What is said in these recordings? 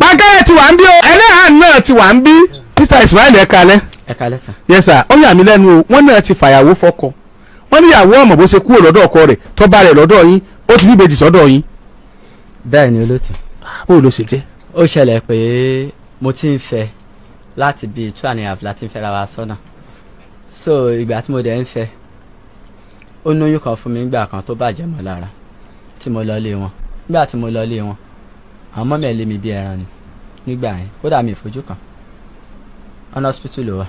bákẹ́rẹ́ ti wà ń bí o ẹlẹ́hàn náà ti wà ń bí Mr Ismail ẹ kalẹ́ ẹ kalẹ́ sà yes sir ó yà mí lẹ́nu o wọ́n náà ti fàyàwó fọ́kọ wọ́n níyàwó ọmọ bó ṣe kúrò lọ́dọ̀ ọkọ rẹ̀ tó bá rẹ̀ lọ́dọ̀ yín ó ti bí ìbejì sọ́dọ̀ yín. bẹ́ẹ̀ ni olóòtú. ó ló ṣe jẹ́. ó ṣẹlẹ̀ pé mo ti ń fẹ́ láti bíi two and a half láti ń fẹ́ra wa sọ́nà so ìgbà tí mo dẹ̀ ń fẹ́ ó lóyún kan fún mi nígbà kan tó bàjẹ́ àwọn mọ́mí ẹ̀ lé mi bí ẹran ni nígbà yẹn kódà mi ìfojú kan ọ̀nà hospital ló wà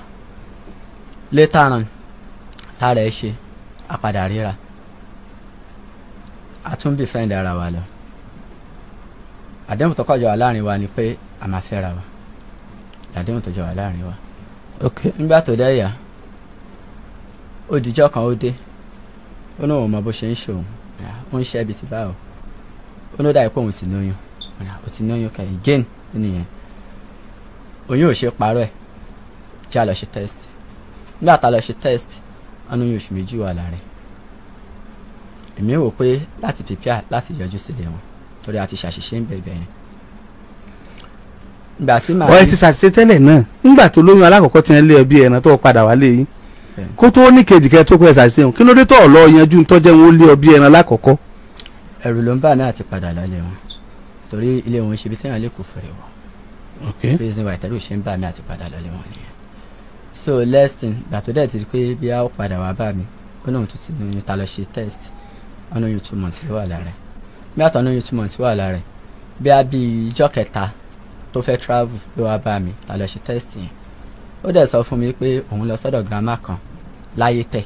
létà ràn tára ẹ̀ ṣe àpàdà ríra àtúnbí fẹ́ǹdà ara wa lọ àdéhùn tó kọjọ wà láàrin wa ni pé a máa fẹ́ra wa àdéhùn tó jọ wà láàrin wa nígbà tó dẹ́ yà òdìjọ́ kan ó dé ó náà mọ bó ṣe ń ṣòun ó ń ṣẹ́bi ti báwo ó ló dà pé òun ti lóyún ọ̀nà ó ti ná yàn ká again nìyẹn oyún ò ṣe parọ́ ẹ̀ kí a lọ ṣe test nígbà tá a lọ ṣe test wọn ní oyún oṣù méjì wà lára ẹ̀ èmi wò pé láti prepare láti yọjú sílẹ̀ wọn torí a ti ṣàṣìṣe ń bẹ̀rẹ̀ yẹn ìgbà tí màá. ọ̀rẹ́ ti ṣàṣìṣe tẹ́lẹ̀ náà nígbà tó lóyún alákọ̀ọ́kọ́ ti ń lé ẹbí ẹ̀ràn tó padà wálé yìí kó tó ní kejì kẹ́ tó pẹ́ ṣàṣìṣe hàn kí ló dé tó ọ̀ lọ yanjú tó wọn ó lé ọbí ẹ̀ràn lákọ̀ọ́kọ́. ẹ̀rù ló ń bà náà ti padà lálẹ́ wọn torí ilé wọn ṣe ibi téèyàn lè kó fèrè wọ. ok reason why tẹ̀lé òṣèlú bá mi àti padà lọ́lé wọn nìyẹn. so last thing gbà tó dẹ̀ ti rí pé bí a ó padà wá bá mi ó náà tún ti lóyún ta lọ ṣe test ọ̀nà oyún two months ló wà lára ẹ̀ bí àtọ̀ ọ̀nà oyún two months wà lára ẹ̀ bí a bí ijọ́ kẹta tó fẹ́ travel ló wá bá mi ta lọ ṣe test yẹn ó dẹ̀ sọ fún mi pé òun lọ sọ́dọ̀ grandma kan láyé tẹ̀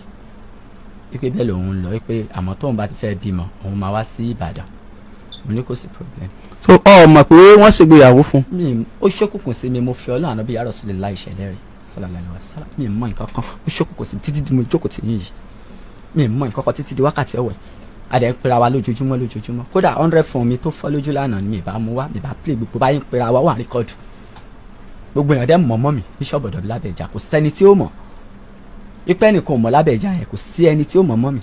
wípé bẹ́ẹ̀ lòun lọ wípé àmọ́ tóun bá ti fẹ́ bímọ òun máa wá sí Ìbàdàn mo ní kò sí problem so ọ mọ̀ pé wọ́n ṣègbéyàwó fún. mi ò ṣókùnkùn sí mi mo fi ọlọ́run àbí yàrá òsùlẹ̀ láì ṣẹlẹ̀ rẹ̀ sọlá lẹ́nu àṣàlá mi mọ nǹkan kan ó ṣókùnkùn sí títí di mo jókòó tì yín yìí mi mọ nǹkan kan títí di wákàtí ọ̀wẹ̀ adẹ̀ ń pera wa lójoojúmọ́ lójoojúmọ́ kódà hundred fún mi tó fọ́ lójú lánàá ni mi bá mú wá mi bá play gbogbo báyìí ń pera wa wà rékọ́dù gbogbo èèyàn dẹ́ mọ̀ mọ́ mi bíṣọ̀bù ọ̀dọ̀ lábẹ́jà kò sẹ́ni tí ó mọ̀ ipẹ́ nìkan ò mọ̀ lábẹ́jà yẹn kò sí ẹni tí ó mọ̀ mọ́ mi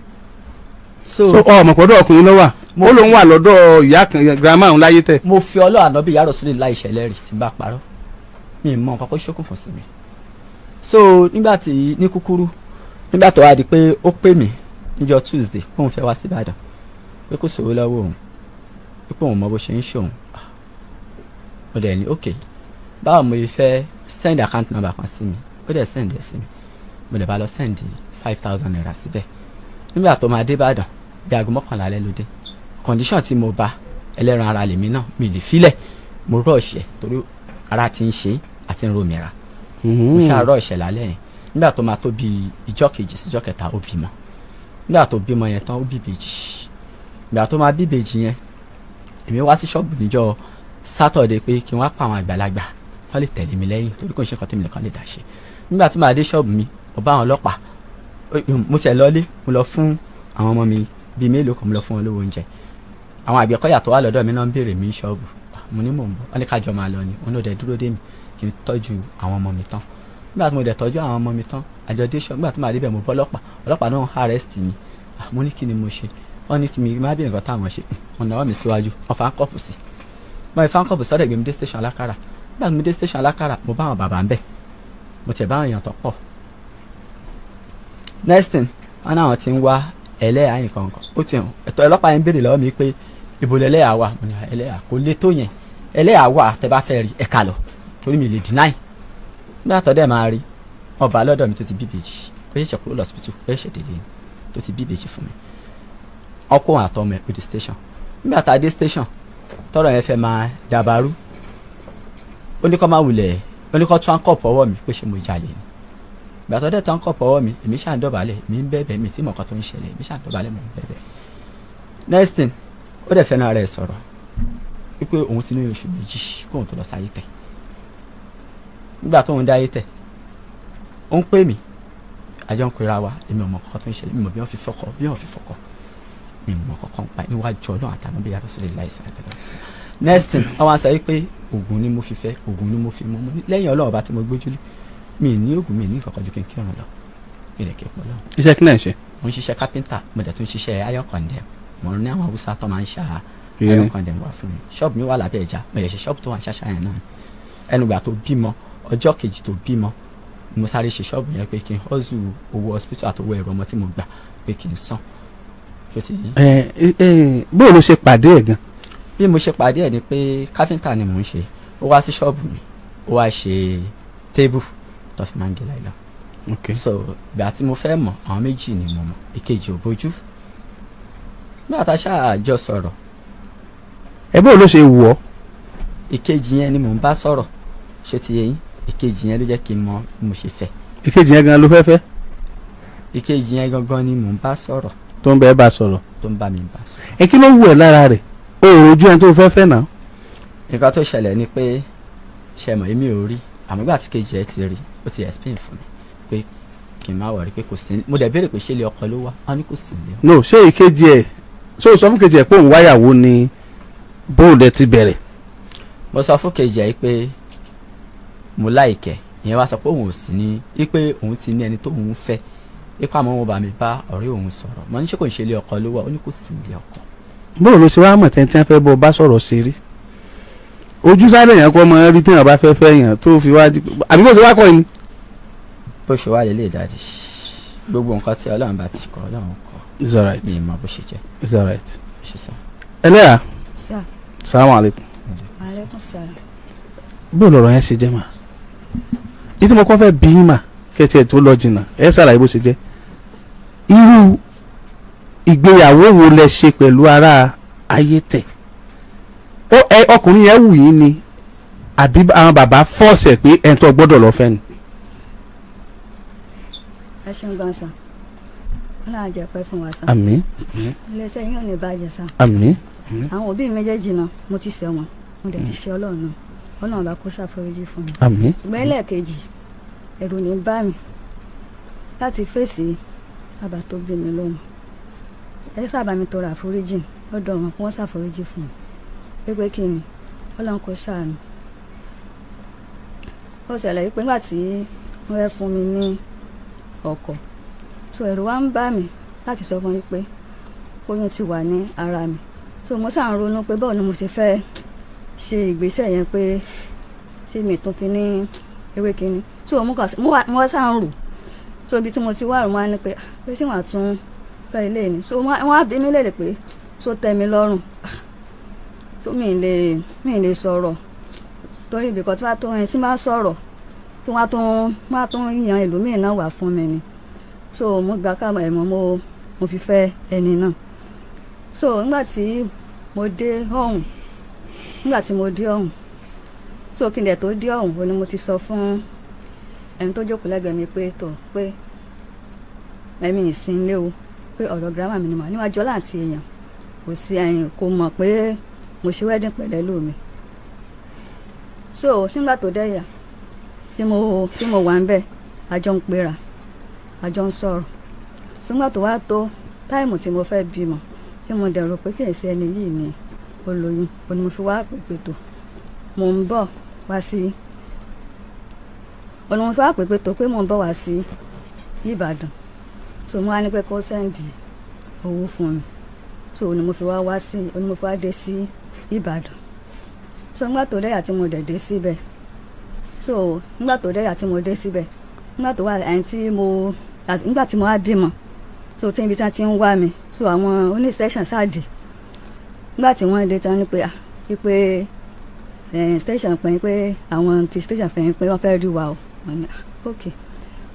so ọmọ oh, pọ̀dọ̀ ọkùnrin lọ́wọ́ ó lóun wà lọ́dọ̀ ìyá kan girama òun láyé tẹ̀. mo fi ọlọ́run ànábì yàrá sílẹ̀ láì ṣẹlẹ̀ rí tí n bá parọ́ mi ì mọ nǹkan kó ṣókùnkùn sí mi. so nígbà tí ní kúkúrú nígbà tó wá di pé ó pè mí níjọ́ Tuesday pé òun fẹ́ wá sí Ìbàdàn pé kò sówó lọ́wọ́ òun pé òun mọ bó ṣe ń ṣe ah, mo dẹ̀ ní ok báwo mo fẹ́ send account number kan sí mi ó dẹ̀ send ẹ̀ sí mi mo dẹ̀ bá lọ send five thousand naira síbẹ̀ nígbà tó máa dé Ìbàdàn bí aago mọ́kànlá alẹ́ ló dé condition tí mo bá ẹlẹ́ran ara lèmi náà mi lè filẹ̀ mo rọ̀ọ̀ṣẹ̀ torí ara ti ń ṣe àti ń romira mm-hmm. mo ṣáà rọ̀ọ̀ṣẹ̀ lálẹ́ yẹn nígbà tó máa tó bí ìjọ́ kejì síjọ́ kẹta ó bímọ nígbà tó bímọ yẹn tán ó bí ìbejì ìgbà tó máa bí ìbejì yẹn èmi wá sí ṣọ́ọ̀bù níjọ́ sátọ̀dẹ̀ pé kí wọ́n á pa àwọn àgbàlagbà kán lè tẹ̀lé mi lẹ́yìn torí kò ń ṣe nǹkan tèmi nìkan lè dá ṣe nígbà tí màá dé ṣọ́ọ̀bù mi mo àwọn ọlọ́pàá Hm, mo tẹ̀ lọ́lé mo lọ fún àwọn ọmọ mi bíi mélòó kan mo lọ fún wọn lówó oúnjẹ àwọn àgbẹ̀kọ́yà tó wà lọ́dọ̀ mi náà ń béèrè mi ṣọ́ọ̀bù mo ní mò ń bọ̀ wọ́n ní máa lọ ni wọn ló dẹ̀ dúró dé mi kí n tọ́jú àwọn ọmọ mi tán nígbà tí mo dẹ̀ tọ́jú àwọn ọmọ mi tán àjọ dẹ́sọ̀ nígbà tí màá débẹ̀ mo bọ́ ọlọ́pàá ọlọ́pàá náà arrest mi mo ní kí ni mo ṣe wọ́n ní kí mi má bí nǹkan táwọn ṣe hm, wọ́n náwó mi síwájú wọ́n fa kọ́ọ̀pù sí station alákàrà nígbà station alákàrà mo bá àwọn bàbá next thing wọn náà ti ń wá ẹlẹ́yà yìí kankan ó ti hàn ẹ̀tọ́ ọlọ́pàá yẹn béèrè lọ́wọ́ mi pé ibo lẹ́lẹ́yà wà mo ní ah, ẹlẹ́yà kò lè tó yẹn ẹlẹ́yà wà tẹ́ bá fẹ́ rí ẹ̀ka lọ torí mi lè deny nígbà tó dẹ̀ máa rí ọba lọ́dọ̀ mi tó ti bí ìbejì ó ṣẹ̀ṣẹ̀ kúrò lọ́sibítù ó ṣẹ̀ délé tó ti bí ìbejì fún mi ọkùnrin àtọmọ ẹ̀ station nígbà tá station tọrọ yẹn fẹ́ máa dàbàrú ó ní kó máa wulẹ̀ ó ní pé gbàtọ́ dẹ̀ tán kọ̀ pọ̀wọ́ mi èmi ṣáà dọ̀bálẹ̀ mi ń bẹ̀bẹ̀ mi tí mọ̀kàn tó ń ṣẹlẹ̀ èmi ṣáà dọ̀bálẹ̀ mi ń bẹ̀bẹ̀ next thing ó dẹ̀ fẹ́ràn ara ẹ̀ sọ̀rọ̀ wípé òun ti ní oṣù méjì kóun tó lọ sáyé tẹ̀ nígbà tóun dá ayé tẹ̀ ó ń pè mí àjọ ń pera wa èmi ò mọ kọ́kọ́ tó ń ṣẹlẹ̀ mi mọ̀ bí wọ́n fi fọ́kọ bí wọ́n fi fọ́kọ mi mọ̀ kọ́kọ́ ń pa níwájú ọlọ́run àtàwọn bí yàrá sílẹ̀ láìsàn àdàlọ́sí next thing wọ́n wá sọ wípé oògùn ni mo fi fẹ́ oògùn ni mo fi mọ́ lẹ́yìn ọlọ́run ọba tí mo gbójúlé mi ní oògùn mi ni kankan ju kí n kírun lọ kí lè kí pọ̀ lọ. iṣẹ́ kí náà ṣe. mo ń ṣiṣẹ́ kápẹ́ńtà mo dẹ̀ tún ṣiṣẹ́ ayọ́kọ̀ndẹ̀ mo ní àwọn haúsá tó máa ń ṣá ayọ́kọ̀ndẹ̀ wà fún mi ṣọ́ọ̀bù mi wà lábẹ́ ìjà mo yẹ ṣe ṣọ́ọ̀bù tó wà ṣáṣá yẹn náà ẹnugbà tó bímọ ọjọ́ kejì tó bímọ mo sáré ṣe ṣọ́ọ̀bù yẹn pé kí n ni pé ni mò ń ṣe ó wá sí ṣọ́ọ̀bù mi ó wá ṣe tébù tó fi máa ń gé láìláà. ok so ìgbà tí mo fẹ́ mọ̀ àwọn méjì ni mo mọ̀ èkejì ò bójú bí àtàṣà àjọ sọ̀rọ̀. ẹ bó ló ṣe wù ọ́. ìkejì yẹn ni mò ń bá sọ̀rọ̀ ṣé ti yẹ yín ìkejì yẹn ló jẹ́ kí n mọ bí mo ṣe fẹ́. ìkejì yẹn gan ló fẹ́ fẹ́. ìkejì yẹn gangan ni mò ń bá sọ̀rọ̀. tó ń bẹ ẹ bá sọ̀rọ̀. tó ń bá mi bá sọ̀rọ̀. ẹ kí ló wù ẹ lára rẹ̀ o ò rojú ẹni tó fẹ́ fẹ́ náà. nǹkan tó ṣẹlẹ̀ ni pé ṣẹ̀mọ̀ èmi ò rí àmọ́ gbà tí kejì ẹ ti rí ó ti explain fún mi pé kì í má wọrí pé kò sí mo dẹ̀ béèrè pé ṣé ilé ọkọ ló wá wọn ni kò sí ilé ọkọ. no ṣé ìkejì ẹ ṣé o sọ fún kejì ẹ pé òun wáyàwó ni bóòdù ẹ ti bẹ̀rẹ̀. mo sọ fún kejì ẹ pé mo láìkẹ ìyẹn wá sọ pé òun ò sí ní i pé òun ti ní ẹni tó òun fẹ́ ipa àmọ́ wọn bá mi bá ọ̀rẹ́ òun sọ̀rọ̀ mo ní ṣé kò ń ṣe ilé ọkọ ló wá ó ní kò sí ilé ọkọ. bóòlù ṣe wá mọ̀ tẹ́ntẹ́n fẹ́ bọ́ bá sọ̀rọ̀ ṣe rí ojú sáré yẹn kọ́ mọ rí téèyàn bá fẹ́ fẹ́ yẹn tó fi wá àbí bó ṣe wá kọ́ ni. bó ṣe wá lélẹ̀ dáadé gbogbo nǹkan tí ọlọ́run bá ti kọ ọlọ́run kọ it's all right mi mọ bó ṣe jẹ it's all right. ẹlẹ́yà salamu aleykum. aleykum salaam. bó lọ̀rọ̀ yẹn ṣe jẹ́ mà ìtí mo kọ́ fẹ́ bí mà kẹ́tì ẹ̀ tó lọ jìnnà ẹ̀ ṣàlàyé bó ṣe jẹ́ irú ìgbéyàwó wo lẹ ṣe pẹ̀lú ara ayé tẹ̀ ọkùnrin yẹn wù yín ni àbí àwọn bàbá fọ́ọ̀sẹ̀ pé ẹni tó gbọ́dọ̀ lọ fẹ́ ni. ẹ ṣeun gan san wọn náà jẹ pẹ́ fún wa san. àmín. iléeṣẹ́ yín ò ní bàjẹ́ san. àmín. àwọn òbí méjèèjì náà mo ti ṣẹ̀ wọ́n mo dẹ̀ ti ṣe ọlọ́run náà ọlọ́run bá kó ṣàforíjì fún mi. àmín. ṣùgbọ́n ẹlẹ́ẹ̀kejì ẹ̀rù ní bá mi láti fèsì bàbá tó bí mi lọ́mọ ẹ sábà mi tọrọ àforíjì lọ́dọ̀ wọn kí wọ́n ṣàforíjì fún mi pé kí ni ọlọ́run kò ṣàánú ó ṣẹlẹ̀ wípé nígbà tí wọ́n fẹ́ fún mi ní ọkọ̀ so ẹ̀rù wa ń bà mí láti sọ fún yín pé oyún ti wà ní ara mi so mo ṣáà ronú pé báwo ni mo ṣe fẹ́ ṣe ìgbésẹ̀ yẹn pé tí mi tún fi ní ewé kínní so mo wá ṣáà rò so ibi tí mo ti wá rò wá ni pé ah, pé tí wọ́n á tún fẹ́ ilé ni so wọ́n á bí mi léèrè pé so tẹ́ mi lọ́rùn ah, tó mi lè mi lè sọ̀rọ̀ torí ibìkan tí wàá tó ẹ tí máa sọ̀rọ̀ tí wàá tó wàá tó yan ẹlòmíì náà wà fún mi ni so mo gba ká ẹ̀ mọ́ mo fi fẹ́ ẹni náà so nígbà tí mo dé ọ̀hún nígbà tí mo dé ọ̀hún tó kí n dẹ̀ tó dé ọ̀hún o ni mo ti sọ fún ẹni tó jókòó lẹ́gbẹ̀ẹ́ mi pé tó pé ẹ̀mí ìsinlé o pé ọ̀rọ̀ gírámà mi ni mà níwájú ọ̀la àti èèyàn kò sí ẹ̀yìn kò mọ̀ pé mo ṣe wedding pẹ̀lẹ́ lómi so nígbà tó dẹ́yà tí mo tí mo wà ń bẹ̀ àjọ ń pera àjọ ń sọ̀rọ̀ tó nígbà tó wá tó táìmù tí mo fẹ́ bímọ tí mo dẹ̀ pé kì í ṣe ẹni yìí ni olóyún ó mo fi wá pèpè tó mo ń bọ̀ wá sí ó mo fi wá pèpè tó pé mo ń bọ̀ wá sí Ìbàdàn so mo wá ní pé kó sẹ́ǹdì owó fún mi so ó mo fi wá wá sí ó mo fi wá dé sí. Si, ìbàdàn so ńgbà tó dẹ́yà tí mo dẹ̀ dé síbẹ̀ so ńgbà tó dẹ́yà tí mo dé síbẹ̀ ńgbà tó wà ẹni tí mo ńgbà tí mo wá bímọ so tí ibi tí wọ́n ti ń wá mi so àwọn oníṣẹ́ṣàn ṣáàdì ńgbà tí wọ́n dé tán ni pé ah, i pé station pẹ̀yìn pé àwọn ti station fẹ̀yìn pé wọ́n fẹ́ rí wa o ah, ok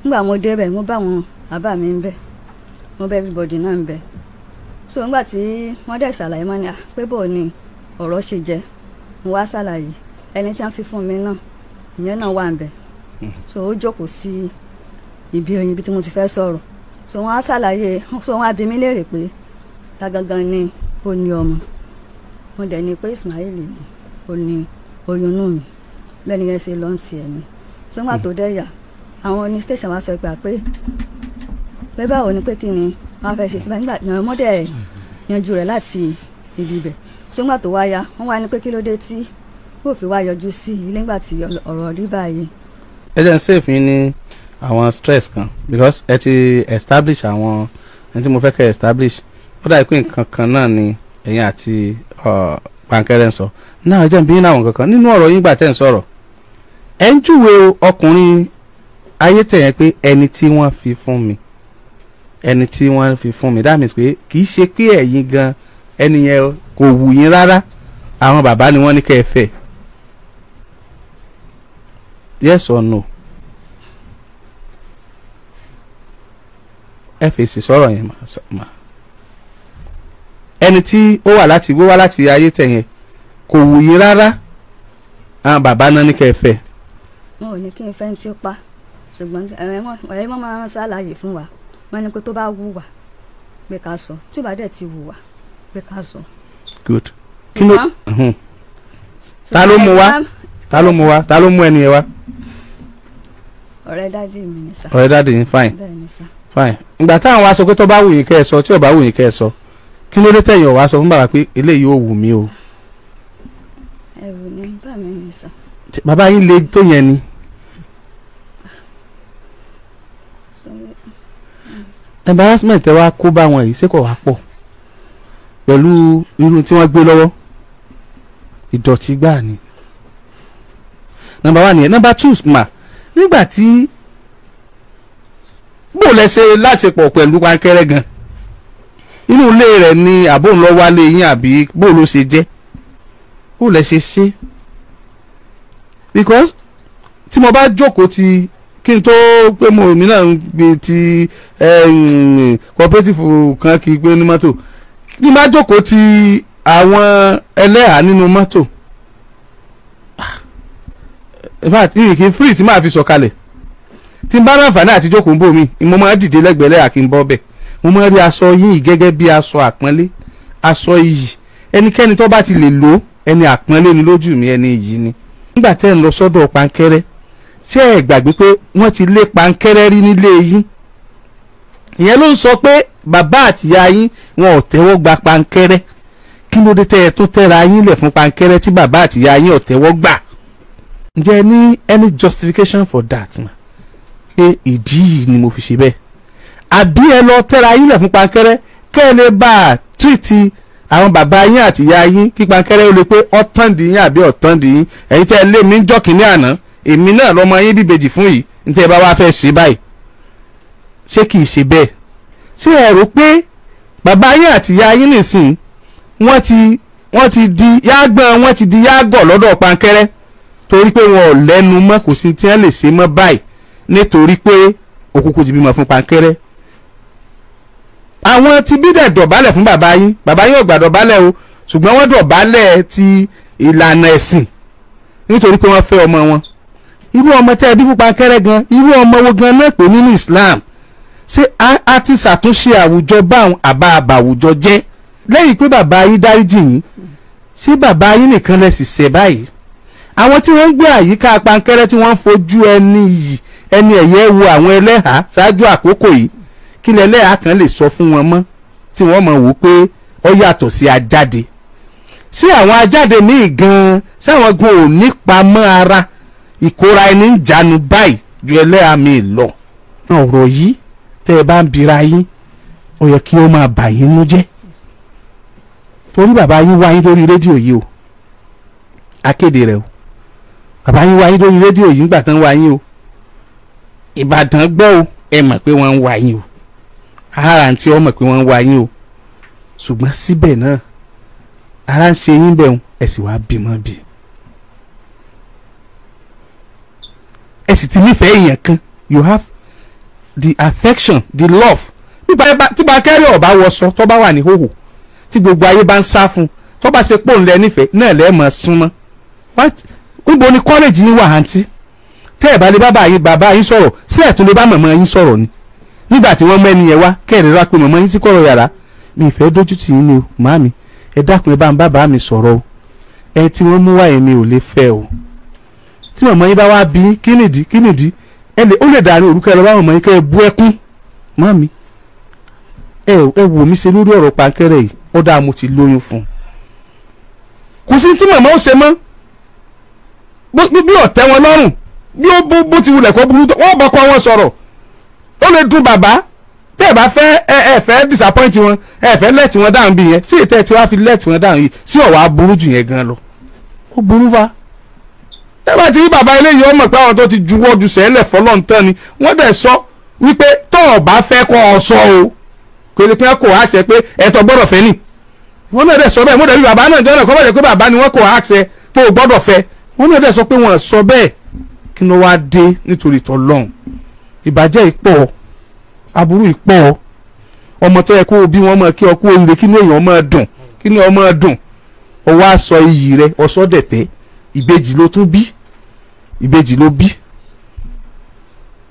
ńgbà mo débẹ̀ mo bá àwọn bàbá mi ń bẹ̀ mo bẹ̀ everybody náà ń bẹ̀ so ńgbà tí wọ́n dẹ̀ ṣàlàyé mọ́ ah, ni pé bò ni ọ̀rọ̀ ṣe jẹ́ mo wá ṣàlàyé ẹni tí wọ́n fi fún mi náà ìyẹn náà wà níbẹ̀ so ó jókòó sí ibi oyin ibi tí mo ti fẹ́ sọ̀rọ̀ so wọ́n á ṣàlàyé so wọ́n á bi mí léèrè pé lágangan ni ó ní ọmọ mo dẹ̀ ní pé Ismail ni ó ní oyún inú mi bẹ́ẹ̀ ni yẹn ṣe lọ́n tiẹ̀ mi so nígbà tó dẹ̀ yà àwọn ní station wa sọ pé pé pé báwo ni pé kí ni wọ́n á fẹ́ ṣe síbẹ̀ nígbà ìyàwó mọ́dẹ̀ yanjú rẹ̀ láti ibi ibẹ̀ ṣùgbọ́n àtò wá ya wọ́n wá ní pé kí ló dé tí kò fi wá yọjú sí i nígbà tí ọ̀rọ̀ rí báyìí. ẹ jẹ́ ń sèfì ní àwọn stress kan because ẹ ti establish àwọn ẹni tí mo fẹ́ kẹ́ establish ó dà pé nǹkan kan náà ni ẹ̀yin àti Pankẹ́rẹ́ ń sọ náà ẹ jẹ́ ń bí náà nǹkan kan nínú ọ̀rọ̀ yín gbà tẹ́ ń sọ̀rọ̀ ẹ ń júwe ọkùnrin ayé tẹ̀yẹn pé ẹni tí wọ́n fi fún mi ẹni tí wọ́n fi fún mi that means pé kì í ṣe pé ẹ̀yin gan-an ẹni yẹn kò wù yín rárá àwọn bàbá ni wọ́n ní kẹ́ ẹ fẹ́ yes or no ẹ fèsì sọ̀rọ̀ yẹn mà ẹni tí ó wà láti wíwá láti ayé tẹ̀yẹn kò wù yín rárá àwọn bàbá náà ní kẹ́ ẹ fẹ́. wọn ò ní kí n fẹ́ ń tí pa ṣùgbọ́n ẹ̀rẹ́ mọ́ máa ń ṣàlàyé fún wa wọ́n ní pé tó bá wù wá pé ká sọ tí ó bá dẹ̀ ti wù wá pé ká sùn. good kí ló ta ló mú wa ta ló mú wa ta ló mú ẹnìyẹn wa. ọ̀rẹ́ dáàdì mi ni sá. ọ̀rẹ́ dáàdì yín fine fine ìgbà táwọn wa sọ pé tó bá wù yín kẹ́ ẹ sọ tí ò bá wù yín kẹ́ ẹ sọ kí ló dé tẹ̀yìn ọ̀wá sọ fún bàbá pé eléyìí ò wù mí o. ẹ̀rù ni bá mi ní sá. bàbá yín le tó yẹn ni. embarrassment ẹ wá kó bá wọn yìí ṣé kò wá pọ̀ pẹ̀lú irun tí wọ́n gbé lọ́wọ́ ìdọ̀tí gbáà ni nọ́mbà wà nìyẹn nọ́mbà two ma, nígbà tí bò lẹ́sẹ̀ láti pọ̀ pẹ̀lú pankẹ́rẹ́ gan inú ilé rẹ̀ ni àbò ń lọ wálé yín àbí bò ló ṣe jẹ́ bò lẹ́sẹ̀ ṣe because tí mo bá jókòó ti kí n tó pé mo mi náà ń gbé ti cooperative kan kì í gbé ní tí má jókòó ti àwọn ẹlẹ́hàá nínú mọ́tò in fact ní ìkíni free tí máa fi sọ̀kalẹ̀ tí n bá ráǹfààní àti jókòó ń bò mí mo máa dìde lẹ́gbẹ̀ẹ́ lẹ́yà kí n bọ́ bẹ̀ mo máa rí aṣọ yìí gẹ́gẹ́ bí aṣọ àpọ́nlé aṣọ iyì ẹnikẹ́ni tó bá ti lè lò ẹni àpọ́nlé ni lójú mi ẹni iyì ni. nígbà tẹ́ ń lọ sọ́dọ̀ pankẹ́rẹ́ ṣé ẹ gbàgbé pé wọ́n ti lé pankẹ́rẹ́ rí nílé yín ìyẹn ló ń sọ pé bàbá àtìyá yín wọn ò tẹ́wọ́ gba pankẹ́rẹ́ kí ló dé tẹ́ ẹ tún tẹ́ra yín lẹ̀ fún pankẹ́rẹ́ tí bàbá àtìyá yín ò tẹ́wọ́ gbà ǹjẹ́ ní any justification for that ma pé ìdí yìí ni mo fi ṣe bẹ́ẹ̀ àbí ẹ lọ tẹ́ra yín lẹ̀ fún pankẹ́rẹ́ kẹ́ ẹ lè bá a tírìtì àwọn bàbá yín àti ìyá yín kí pankẹ́rẹ́ ó lè pé ọ̀tán di yín àbí ọ̀tán di yín ẹ̀yin tẹ́ ẹ lé mi ń jọ́ kínní àná èmi náà lọ́mọ yín bíbejì fún yìí ní tẹ́ ẹ bá wá fẹ́ ṣe báyìí ṣé kìí ṣe bẹ́ẹ̀ ṣé ẹ rò pé bàbá yín àti ìyá yín nìsín wọ́n ti wọ́n ti di yágbọ́n wọ́n ti di yágọ̀ lọ́dọ̀ pankẹ́rẹ́ torí pé wọn ò lẹ́nu mọ́ kò sí tí wọ́n lè ṣe mọ́ báyìí nítorí pé òkùnkùn ti bímọ fún pankẹ́rẹ́ àwọn ti bídẹ̀ dọ̀bálẹ̀ fún bàbá yín bàbá yín ò gbà dọ̀bálẹ̀ o ṣùgbọ́n wọ́n dọ̀bálẹ̀ ti ìlànà ẹ̀sìn nítorí pé wọ́n fẹ́ ọmọ wọn irú ọmọ tẹ́ ẹ fún pankẹ́rẹ́ gan irú ọmọ wo gan náà pè nínú Islam ṣé a ti ṣàtúnṣe àwùjọ báwọn àbá àbàwùjọ jẹ́ lẹ́yìn pé bàbá yín dáríjì yín ṣé bàbá yín nìkan lẹ sì ṣẹ̀ báyìí àwọn tí wọ́n ń gbé àyíká pankẹ́rẹ́ tí wọ́n ń fojú ẹni yìí ẹni ẹ̀yẹ wo àwọn ẹlẹ́hà ṣáájú àkókò yìí kí ni ẹlẹ́hà kan lè sọ fún wọn mọ́ tí wọ́n mọ̀ wò pé ó yàtọ̀ sí ajáde ṣé àwọn ajáde míì gan-an ṣé ò nípa mọ́ ara ìkóra ẹni ń jánu báyìí ju ẹlẹ́hà mi lọ ọ̀rọ̀ yìí tẹ́ ẹ bá ń bira yín ó yẹ kí ó máa bà yín nú jẹ́ torí bàbá yín wáyé lórí rédíò yìí o akéde rẹ o bàbá yín wáyé lórí rédíò yìí nígbà tán wáyé o ìbàdàn gbọ́ o ẹ mọ̀ pé wọ́n ń wáyé o ara àǹtí ọ mọ̀ pé wọ́n ń wáyé o ṣùgbọ́n síbẹ̀ náà ara ń ṣe yín bẹ̀ ń ẹ sì wá bímọ bí ẹ sì ti nífẹ̀ẹ́ èèyàn kan you have the affection the love tí Bakari ọba wọṣọ tó bá wà ní hòhò tí gbogbo ayé bá ń sá fún tó bá ṣe pòun lẹ nífẹ̀ẹ́ náà lẹ́ẹ̀mọ́ súnmọ́ níbo ni kọ́lẹ́jì yín wà àǹtí tẹ́ ẹ̀ bá lè bàbá yín bàbá yín sọ̀rọ̀ sí ẹ̀ tún lè bá màmá yín sọ̀rọ̀ ni nígbà tí wọ́n mẹ́ni yẹn wá kẹ́rẹ́ rà pé màmá yín sí kọ̀rọ̀ yàrá mi ìfẹ́ dójú tì yín ni o màámi ẹ dákun ẹ bá ń bàbá mi sọ̀rọ̀ o ẹ tí wọ́n mú wáyé mi ò lè fẹ́ o tí màmá yín bá wá bí kí nìdí kí nìdí ẹ lè ó lè dàrin òrùka ẹ lọ báwọn ọmọ yín kẹ ẹ bú ẹkún mọ́ mi ẹ ẹ wò mí ṣe lórí ọ̀rọ̀ pankẹ́rẹ́ yìí ọ̀dà mo ti lóyún fún un kò sí tí màmá ó ṣe mọ́ bí ọ̀tẹ́ wọn lọ́rùn bí ó bó ti wulẹ̀ kó burú tó wọ́n bọ̀ kọ́ wọn sọ̀rọ̀ ó lè dùn bàbá tẹ́ ẹ bá fẹ́ ẹ ẹ fẹ́ disappoint wọn ẹ fẹ́ lẹ́ẹ̀tì wọn dáhùn bí yẹn tí ètẹ́ tí wàá fi lẹ́ẹ̀tì wọn dáhùn yìí sí ọ̀wá burú jù yẹn gan lọ ó burú fa ẹ bá ti rí bàbá eléyìí ọmọ pé àwọn tó ti juwọ́ ju sẹ́lẹ̀ fọlọ́n tán ni wọ́n dẹ̀ sọ wípé tó o bá fẹ́ kọ́ ọ sọ o kò lè pín kò àṣẹ pé ẹ̀tọ́ gbọ́dọ̀ fẹ́ nì wọ́n náà dẹ̀ sọ bẹ́ẹ̀ wọ́n dẹ̀ bí bàbá náà jọ́nà kọ́ bẹ̀rẹ̀ pé bàbá ni wọ́n kò àṣẹ pé o gbọ́dọ̀ fẹ́ wọ́n náà dẹ̀ sọ pé wọ́n sọ bẹ́ẹ̀ kí ló wá dé nítorí tọ́lọ́hún ìbàjẹ́ ìpọ̀ aburú ìpọ̀ ọmọ tó yẹ kó o bí wọn mọ kí ọ kú oríire kí ni èèyàn máa dùn kí ni ọmọ dùn ọwọ́ àsọ iyì rẹ ọsọ dẹ̀tẹ̀ ìbejì ló tún bí ìbejì ló bí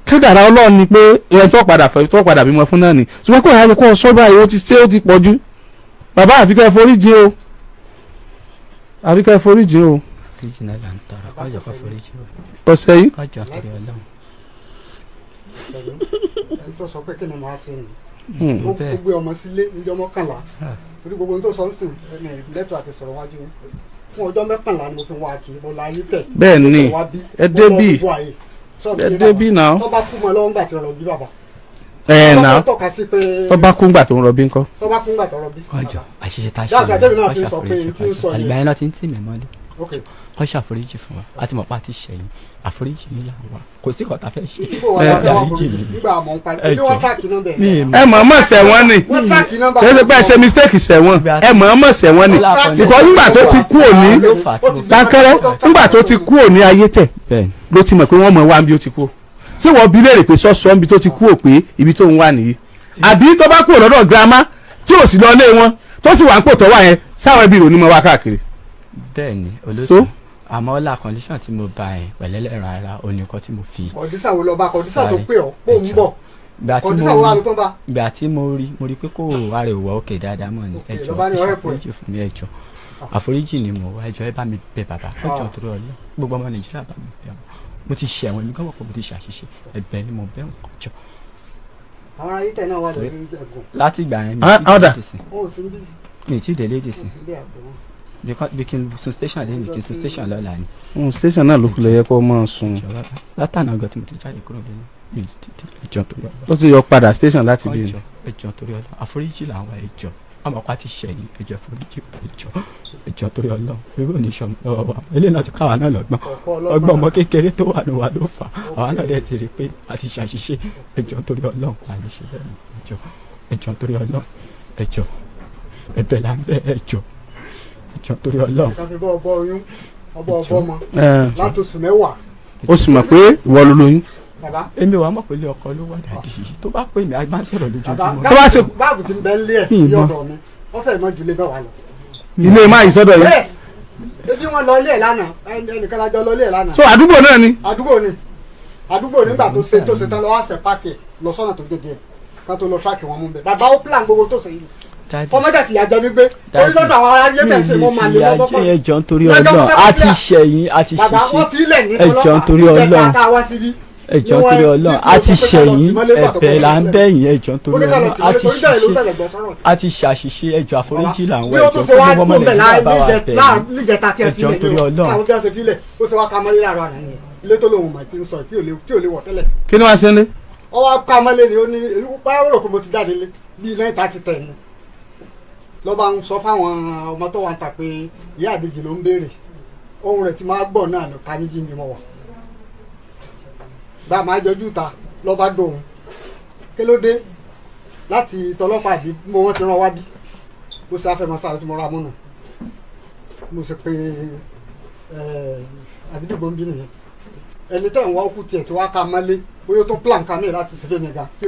kádàrá ọlọ́run ni pé ẹni tó padà fẹ́ tó padà bímọ fún náà ni ṣùgbọ́n kò ráyè kó sọ báyìí ó ti ṣé ó ti pọ̀ jù bàbá àfikẹ́ foríjì o àfikẹ́ foríjì o. ọ̀sẹ̀ yìí. ẹni tó sọ pé kí ni màá ṣe ni hmm. ó gbé ọmọ sílé níjọ́ mọ́kànlá ah. torí gbogbo ohun tó sọ ń sìn lẹ́tọ̀ àti sọ̀rọ̀ wájú fún ọjọ́ mẹ́pàlá ni mo fi wá kì í mo láyé tẹ̀. bẹ́ẹ̀ ni ẹ débì ẹ débì náà. tó kú mọ lọ́wọ́ ńgbà tí ọ̀rọ̀ bí bàbá. ẹ ẹ nà tó bá kú ńgbà tó ń rọbí ńkọ́. tó bá kú ńgbà tó rọbí. ọjọ́ àṣìṣe tá a ṣe yẹn àṣàfihàn àlùbáyé náà ti ń tì mí mọ́lẹ̀ kán ṣàforíjì fún wa a ti mọ̀ pa ti ṣẹ̀yìn àforíjì yìí là wà kò sí kọ́ta fẹ́ ṣe ẹ dáríjì mi ẹ jọ ẹ mọ̀ mọ̀ sẹ̀wọ́n ni kí ló bá ṣe mistake sẹ̀wọ́n ẹ mọ̀ mọ̀ sẹ̀wọ́n ni ìkọ́ nígbà tó ti kú òní kankẹrẹ nígbà tó ti kú òní ayé tẹ̀ ló ti mọ̀ pé wọ́n mọ̀ wá bí ó ti kú tí wọ́n bi léèrè pé sọ́sọ́ ibi tó ti kú ò pé ibi tó ń wà nìyí àbí tó bá kú lọ́dọ̀ girama tí ò sì lọ lé wọn tó sì wà ń pò tọ́wà yẹn sáwọn ẹbí rò mọ́ wá káàkiri. bẹ́ẹ̀ni olóòtú àmọ́ ọ̀la condition tí mo bá ẹ̀ pẹ̀lẹ́ lẹ́ran ara oníkan tí mo fi. ọ̀dísà wo lọ bá kọ̀dísà tó pé ọ́ pò ń bọ̀ kọ̀dísà wo alùpùpù bá. gbà tí mo rí mo rí pé kò ara ìwà òkè dáadáa mọ̀ ní ẹjọ́ àforíjì fún mi ẹjọ́ àforíjì ni mo wá ẹjọ́ ẹ bá mi bẹ bàbá ẹjọ́ ah. tó rọ ọlẹ́ gbogbo ọmọ nàìjíríà bá mi bẹ wọn mo ti ṣe àwọn ẹ̀mí kan wọ̀pọ̀ mo ti ṣàṣìṣe ẹ̀bẹ̀ ni mo bẹ wọn kọjọ. àwọn ayé tẹ̀ náà wà lórí ẹ̀gùn. láti ìgbà mi ti délé dìsín mi bikin sun station lẹ́yìn bikin sun station lọ́la ni. Mm, station náà ló kulẹ̀ yẹ kó máa sun. látànà gan tí mo ti jáde kúrò lẹ́nu mi ìjọ torí ọlọ. ó ti yọ padà station láti bí. ẹjọ torí ọlọ àforíjì làwọn ẹjọ àmọ́ pa ti ṣẹ̀yìn ẹjọ àforíjì ẹjọ ẹjọ torí ọlọ ewé oníṣọ lọ́wọ́ wa eléyìí náà ti ká àwa náà lọ́gbọ́n ọgbọ́n ọmọ kékeré tó wà ní wa ló fà àwa náà dẹ̀ ti rí i pé a ti ṣàṣìṣe ẹjọ torí ọlọ àlè ṣe bẹ́ẹ̀ ẹjọ ẹjọ torí ọlọ ẹjọ ẹ̀bẹ̀ là ń bẹ̀ ẹjọ torí Ọlọ́run. ìkànnìbọ̀ ọbọ̀ oyún ọbọ̀ ọbọ̀ láti oṣù mẹ́wàá. oṣù mọ̀ pé ìwọ ló lóyún. èmi wàá mọ̀ pé ilé ọkọ ló wà dàdí ah. tó bá pè mí a máa ń sọ̀rọ̀ lójoojúmọ́. tó bá ṣe báàbù ti bẹ́ẹ̀ lé ẹ̀ sí ọ̀dọ̀ mi wọ́n fẹ́ẹ̀ mọ́ ju ilé mẹ́wàá lọ. ilé máa yìí sọ́dọ̀ yẹn. ebi wọn lọ ilé ẹ̀ lánàá ẹnìkan lájọ lọ ilé ẹ̀ lánàá. so àdúgbò náà ni. àdúgbò ni àdúgbò nígbà tó ṣe tó ṣe tán lọ wá ṣe páàkì lọ sọ́nà tó dédé ká tó lọ tíráàkì wọn mú bẹ́ẹ̀ bàbá ó plan gbogbo tó ṣe yìí kọ́mọ́dà sì yàjọ mi pé nítorí ọlọ́run a ti ṣẹ̀yìn a ti ṣiṣẹ́ ẹ̀jọ̀ nítorí nítorí ọlọ́run a ti ṣẹ̀yìn ẹ̀bẹ̀ là ń bẹ̀yìn ẹ̀jọ̀ nítorí ọlọ́run a ti ṣiṣẹ́ a ti ṣàṣìṣe nítorí ọmọlẹ̀ kí ni wàá ṣe ń lé. ọwọ́ akamọ́lé ni ó ní pàrọ̀ rò pé mo ti jáde lé bíi nine thirty ten ni ló bá ń sọ fáwọn ọmọ tó wà ń ta pé ìyá àbèjì ló ń béèrè ohun rẹ̀ ti máa gbọ́ náà ló ta méjì ni mo wà bá a máa jọjú ta ló bá dòun kí ló dé láti tọlọ́pàá bí mo wọ́n ti rán wá bí mo ṣe afẹ́mọ́ sáré tí mo ra mọ́nà mo ṣe pé àbídìgbò ń bí nìyẹn ẹni tẹ̀ ń wá òkú tiẹ̀ tí wàá ka mọ́lé bóyá tó plan kan náà láti ṣe fẹ́ mi gan kí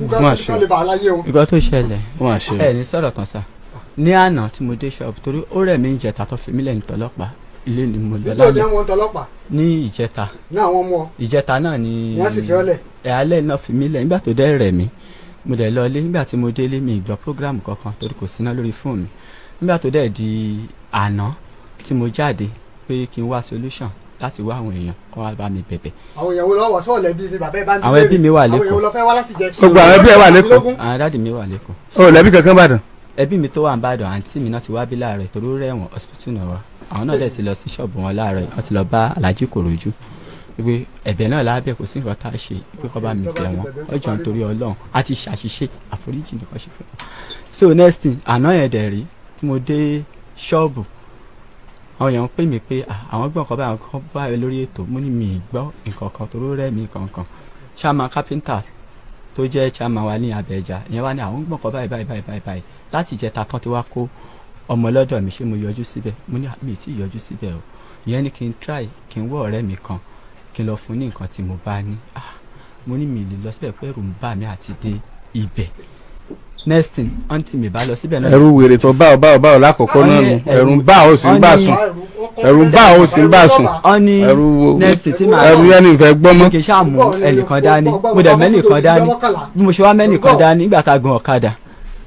kú ká lè bá a láyé wọn. ìgbà tó ṣẹlẹ̀ ẹ ní sọ̀rọ̀ tán sá ní àná tí mo dé ṣọ́ọ̀bù torí ó rẹ̀ mí ìjẹta tó fi mí lẹ́yìn tọlọ́pàá ilé ni mo lọ lálẹ́ ní ìjẹta ìjẹta náà ni wọ́n sì fi ọ lẹ̀ ẹ̀ alẹ́ náà fi mí lẹ̀ nígbà tó dẹ́ rẹ̀ mí mo dẹ̀ lọ ilé nígbà tí mo délé mi ìgbọ́ programu kankan torí kò síná lórí fóònù mi nígbà tó dẹ̀ di àná tí mo jáde pé kí n wá solution láti wá àwọn èèyàn kọ́ wá bá mi bẹ̀bẹ̀. àwọn èèyàn lọ wọ sọ́ọ̀lù ẹbí ni bàbá ẹ bá ń dúró àwọn ẹbí mi wà lẹ́kọ̀ọ́ gbogbo àwọn ẹbí ẹ wà lẹ́kọ̀ọ́ àwọn dáàdì mi wà lẹ́kọ̀ọ́. o lẹ́bí kankan bàdàn ẹbí mi tó wà ń bàdàn àǹtí mi náà ti wá bí láàárọ̀ ìtòrú rẹ̀wọ̀n hospital náà wá àwọn náà dẹ̀ ti lọ sí ṣọ́ọ̀bù wọn láàárọ̀ wọ́n ti lọ bá aláàjì kòròjú pé ẹ̀bẹ̀ náà lábẹ́ kò sí nǹkan tá a ṣe pé kọ́ bá mi bẹ̀ wọ́n ọjọ́ nítorí ọlọ́run a ti ṣàṣìṣe àforíjì nìkan ṣe fún wọn. so next thing àná yẹn dẹ̀ rí tí mo dé ṣọ́ọ̀bù àwọn èèyàn ń pè mí pé àwọn gbọ́n kan bá àwọn kan bá lórí ètò mú ní mi gbọ́ nǹkan kan toró rẹ̀ mí kankan ṣáàmà kápẹ́ńtà tó jẹ́ ṣáàmà wa ní abẹ́jà ìyẹn wá ní àwọn gbọ́n kan báyìí báyìí báyìí báyìí láti ìjẹta tán ti wá kó ọmọ lọ́dọ̀ mi ṣé mo yọjú síbẹ̀ mo ní àbí tí yọjú síbẹ̀ o ìyẹn ni kí n try kí n wọ ọ̀rẹ́ mi kan kí n lọ fún ní nǹkan tí mo bá ní ah mo ní mi lè lọ síbẹ̀ pé ẹ̀rù ń bà mí àti dé ibẹ̀ next thing aunty mi bá lọ síbẹ̀ náà. ẹ̀rù wèrè tó bá ọ bá ọ bá ọ lákòókò náà nù ẹ̀rù ń bà ọ sì ń bà sùn ẹ̀rù ń bà ọ sì ń bà sùn ẹ̀rù wo ẹ̀rù yẹn ni ìfẹ́ gbọmọ. kì í ṣàmù ẹnìkan dání mo dẹ̀ mẹ́nìkan dání bí mo ṣe wá mẹ́nìkan dání nígbà tá a gun ọ̀kadà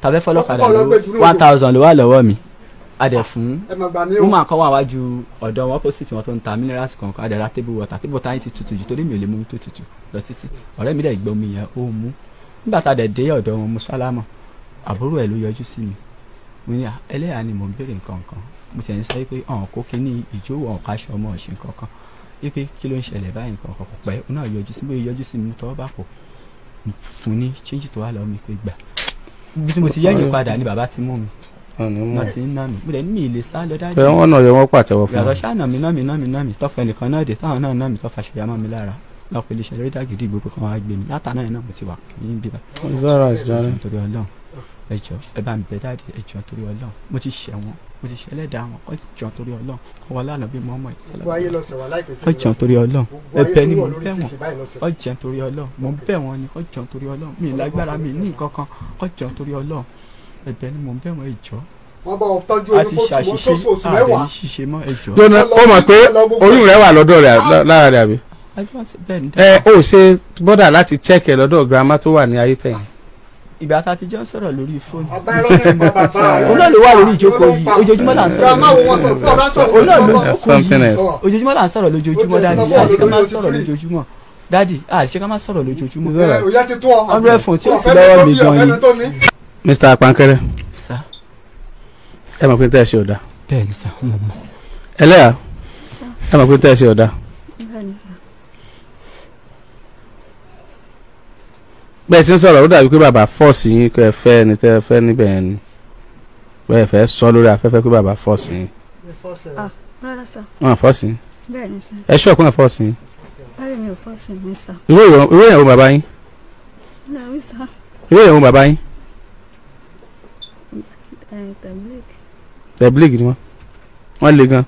tàbí fọlọ́kadà ló one thousand ló wà lọ́wọ́ mi adẹ fún woman kan wà wájú ọ̀dọ̀ wọn opposite wọn tó ń ta minerals kankan adẹ ra table water table water yìí ti tutù jù torí mi ò lè mú tó tutù lọ títí ọ̀rẹ́ mi dẹ̀ gbọ́ mi yẹn ó mú nígbà tá a dẹ̀ dé ọ̀dọ̀ wọn musalama àbúrò ẹ̀ ló yọjú sí mi mo ní ẹlẹ́yà ni mò ń béèrè nǹkan kan mo tẹ̀ ń sọ pé ọ̀hún kó kínní ìjó ọ̀hún káṣọ ọmọ ọ̀sìn kankan wípé kí ló ń ṣẹlẹ̀ báyìí nǹkan kan change tó wà lọ́wọ́ bí mo ti yẹ́yìn padà ni bàbá ti mú mi wọ́n ti ń ná mi mo dẹ̀ ní mi lè sá lọ dájú. bẹ́ẹ̀ wọ́n náà yẹ wọ́n pàtẹ́wọ́ fún mi. yàtọ̀ sáà nà mí náà mí náà mí náà mí tọkọ ẹnìkan náà dé táwọn náà náà mí tọ́fà ṣe mi lára lọ́pọ̀ lórí dàgídí ìgbòkó kan wá gbé mi látà náà náà mo ti wà ní bíbá. zara is jare ẹ jọ ẹ bá mi bẹ̀ dáàdi ẹ torí Ọlọ́run mo ti ṣẹ̀ wọ́n mo ti ṣẹlẹ̀ dà wọn ẹ torí Ọlọ́run kọ́ wa lánàá bí Muhammad sallallahu alaihi torí Ọlọ́run ẹ̀bẹ̀ ni mo ń bẹ̀ wọ́n ọ torí Ọlọ́run mo ń bẹ̀ wọ́n ni ọ torí Ọlọ́run mi lágbára mi ní nǹkan kan torí Ọlọ́run ẹ̀bẹ̀ ni mo ń bẹ̀ wọ́n ẹ jọ bá wọn tọ́jú oyún kó sùn oṣù mẹ́wàá. dona ó mọ̀ pé oyún rẹ̀ wà lọ́dọ̀ rẹ̀ ah. lára rẹ̀ àbí. ẹ ó ṣe bọ́dà láti ìgbà tá a ti jọ ń sọ̀rọ̀ lórí fóònù òun náà ló wà lórí ìjókòó yìí ojoojúmọ́ là ń sọ̀rọ̀ òun oh, ojoojúmọ́ là ń sọ̀rọ̀ lójoojúmọ́ dáàdì àti ká máa sọ̀rọ̀ lójoojúmọ́ dáàdì àti ká máa sọ̀rọ̀ lójoojúmọ́ ọ̀rẹ́ fún tí ó sì lọ́wọ́ mi gan ni. Mr. Pankere ẹ mọ̀ pé tẹ́ ẹ ṣe ọ̀dà ẹlẹ́yà ẹ mọ̀ pé tẹ́ ẹ ṣe ọ̀dà. bẹ́ẹ̀ sì ń sọ̀rọ̀ ó dàbí pé bàbá fọ́ọ̀sì yín kẹ́ ẹ fẹ́ ẹni tẹ́ ẹ fẹ́ níbẹ̀ yẹn ni bẹ́ẹ̀ fẹ́ sọ lórí afẹ́fẹ́ pé bàbá fọ́ọ̀sì yín. Ah, rárá sá. wọn fọ́ọ̀sì yín. bẹ́ẹ̀ ni sá. ẹ ṣọ́ọ̀kùn náà fọ́ọ̀sì yín. bẹ́ẹ̀ mi ò fọ́ọ̀sì mi sá. irú ìyàwó bàbá yín. irú ìyàwó bàbá yín. tẹ̀blíìkì ni wọ́n wọ́n le gan.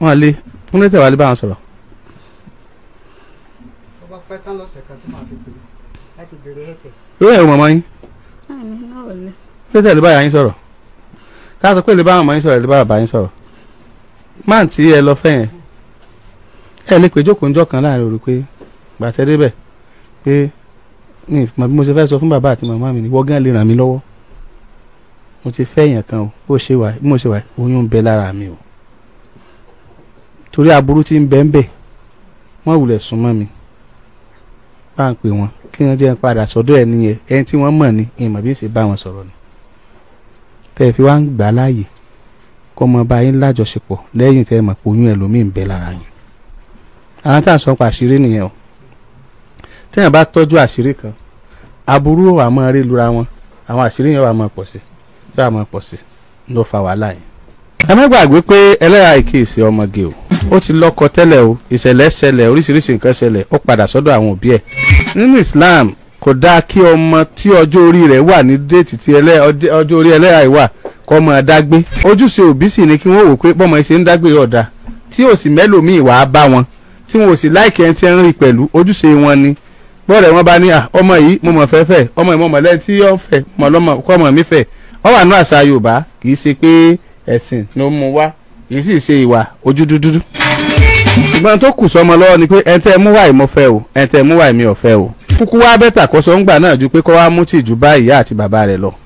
wọ́n le wọ́n ní tẹ̀wálé báwọn sọ̀rọ̀ pẹ́ lọ́sẹ̀ kan tí màá fi pè é láti bèrè ẹ̀tẹ̀. irú ẹ̀ o màmá yín. tẹ́tẹ̀ lè bá yà yín sọ̀rọ̀ ká sọ pé lè bá màmá yín sọ̀rọ̀ lè bá bàbá yín sọ̀rọ̀ máà tí ẹ lọ fẹ́ yẹn ẹ lè pè jókòó njọ́ kan láàrin òru pé gbàtẹ́ débẹ̀ pé ní ìfúnmọ́ bí mo ṣe fẹ́ sọ fún bàbá àti màmá mi ni wọ́n gán lè ràn mí lọ́wọ́ mo ti fẹ́ èèyàn kan o bó ṣe wà mo ṣe wà oyún bẹ lára mi o torí aburú ti ń bẹ ń bẹ wọ́n wulẹ̀ sún mọ́ mi bá ń pè wọ́n kí wọ́n jẹ́ padà sọ́dọ̀ ẹ̀ nìyẹn ẹni tí wọ́n mọ̀ ni ìmọ̀ bí ṣe bá wọn sọ̀rọ̀ ni tẹ́ ẹ fi wá ń gbà láàyè kó mọ bá yín lájọṣepọ̀ lẹ́yìn tẹ́ ẹ mọ̀ pé oyún ẹlòmíì ń bẹ lára yín àwọn tá à ń sọ pa àṣírí nìyẹn o tẹ́yàn bá tọ́jú àṣírí kan aburú wà rí lura wọn àwọn àṣírí yẹn wà máa pọ̀ sí yóò máa pọ̀ sí ló fa wàhálà yẹn ẹ má gbàgbé pé ẹlẹ́yà ìkíyèsí ọmọge o ó ti lọ́kọ tẹ́lẹ̀ o ìṣẹ̀lẹ̀ ṣẹlẹ̀ oríṣiríṣi nǹkan ṣẹlẹ̀ ó padà sọ́dọ̀ àwọn òbí ẹ̀ nínú Islam kò dáa kí ọmọ tí ọjọ́ orí rẹ̀ wà ní déètì tí ọjọ́ orí ẹlẹ́yà ìwà kọ́ mọ́ dágbé ojúṣe òbí sì ni kí wọ́n wò pé pọ́mọ ṣe ń dágbé ọ̀dà tí ò sì mẹ́lòmíì wàá bá wọn tí wọn ò sì láìkẹ́ ẹni tí ẹ ń rí pẹ̀lú ojúṣe wọn ni bọ́ọ̀rẹ̀ wọn bá ní ọmọ yìí mo mọ̀ fẹ́ fẹ́ ọmọ yìí mo mọ̀ lẹ́yìn tí yóò fẹ́ mọ̀ lọ́mọ kọ́ ọmọ mi fẹ́ ọ wà nú àṣà Yorùbá kì í ṣe pé ẹ̀sìn ló mú wá kì í sì ṣe ìwà ojú dúdúdú ṣùgbọ́n tó kù sọmọ lọ́wọ́ ni pé ẹ̀ńtẹ́ mú wáì mo fẹ́ o ẹ̀ńtẹ́ mú wáì mi ò fẹ́ o kúkú wá bẹ́tà kó sọ ń gbà náà ju pé kó wá mú tìjú bá ìyá àti bàbá rẹ̀ lọ.